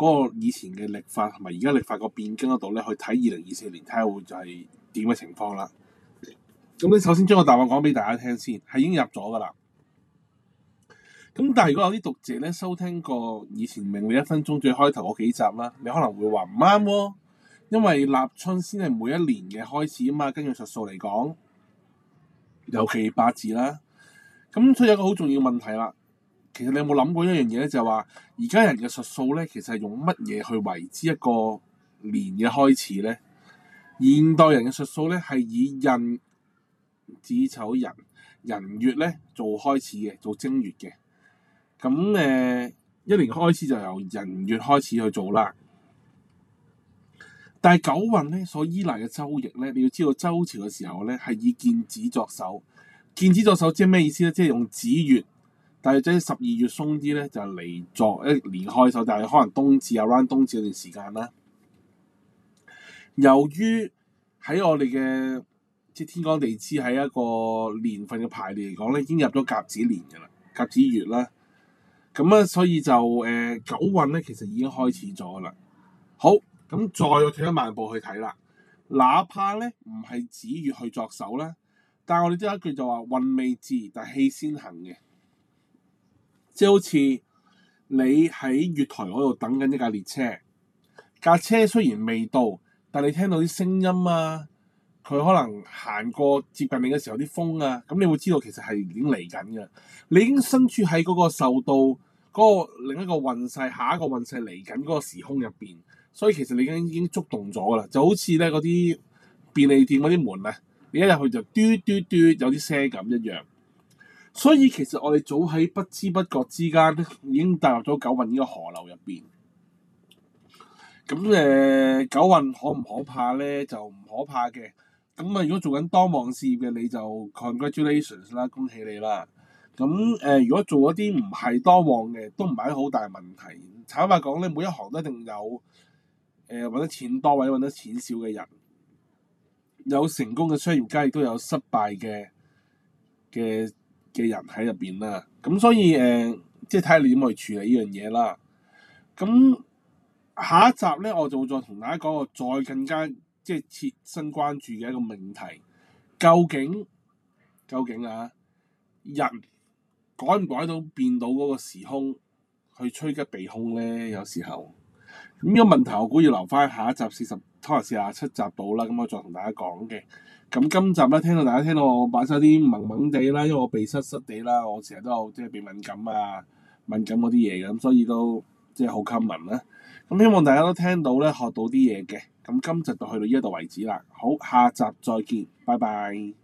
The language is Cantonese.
嗰個以前嘅歷法同埋而家歷法個變更嗰度咧，去睇二零二四年睇下會就係點嘅情況啦。咁你首先將個答案講俾大家聽先，係已經入咗噶啦。咁但係如果有啲讀者咧，收聽過以前命理一分鐘最開頭嗰幾集啦，你可能會話唔啱喎，因為立春先係每一年嘅開始啊嘛，根據術數嚟講，尤其八字啦。咁所以有一個好重要問題啦。其實你有冇諗過一樣嘢咧？就係話而家人嘅術數咧，其實係用乜嘢去為之一個年嘅開始咧？現代人嘅術數咧係以寅、子丑寅、寅月咧做開始嘅，做正月嘅。咁誒、呃，一年嘅開始就由寅月開始去做啦。但係九運咧，所依賴嘅周易咧，你要知道周朝嘅時候咧係以建子作首，建子作首即係咩意思咧？即係用子月。但係即係十二月鬆啲咧，就嚟作一年開手，但係可能冬至又 round 冬至嗰段時間啦。由於喺我哋嘅即係天干地支喺一個年份嘅排列嚟講咧，已經入咗甲子年嘅啦，甲子月啦。咁啊，所以就誒、呃、九運咧，其實已經開始咗啦。好，咁再退一萬步去睇啦，哪怕咧唔係子月去作手啦，但係我哋有一句就話運未至，但係氣先行嘅。即好似你喺月台嗰度等緊一架列車，架車雖然未到，但你聽到啲聲音啊，佢可能行過接近你嘅時候啲風啊，咁你會知道其實係已經嚟緊嘅。你已經身處喺嗰個受到嗰個另一個運勢下一個運勢嚟緊嗰個時空入邊，所以其實你已經已經觸動咗啦。就好似咧嗰啲便利店嗰啲門啊，你一入去就嘟嘟嘟嘟有啲聲咁一樣。所以其實我哋早喺不知不覺之間已經踏入咗九運呢個河流入邊。咁誒、呃，九運可唔可怕咧？就唔可怕嘅。咁啊，如果做緊多旺事業嘅，你就 congratulations 啦，恭喜你啦。咁誒、呃，如果做一啲唔係多旺嘅，都唔係好大問題。坦白講咧，每一行都一定有誒搵、呃、得錢多或者搵得錢少嘅人，有成功嘅商業家，亦都有失敗嘅嘅嘅人喺入邊啦，咁所以誒、呃，即係睇下你點去處理呢樣嘢啦。咁下一集咧，我就會再同大家講個再更加即係切身關注嘅一個命題。究竟究竟啊？人改唔改到變到嗰個時空去趨吉避凶咧？有時候咁呢個問題，我估要留翻下一集四十，可能四廿七集到啦。咁我再同大家講嘅。咁今集咧，聽到大家聽到我把聲有啲濛濛地啦，因為我鼻塞塞地啦，我成日都有即係鼻敏感啊，敏感嗰啲嘢咁，所以都即係好 common 啦。咁希望大家都聽到咧，學到啲嘢嘅。咁今集就去到呢一度為止啦。好，下集再見，拜拜。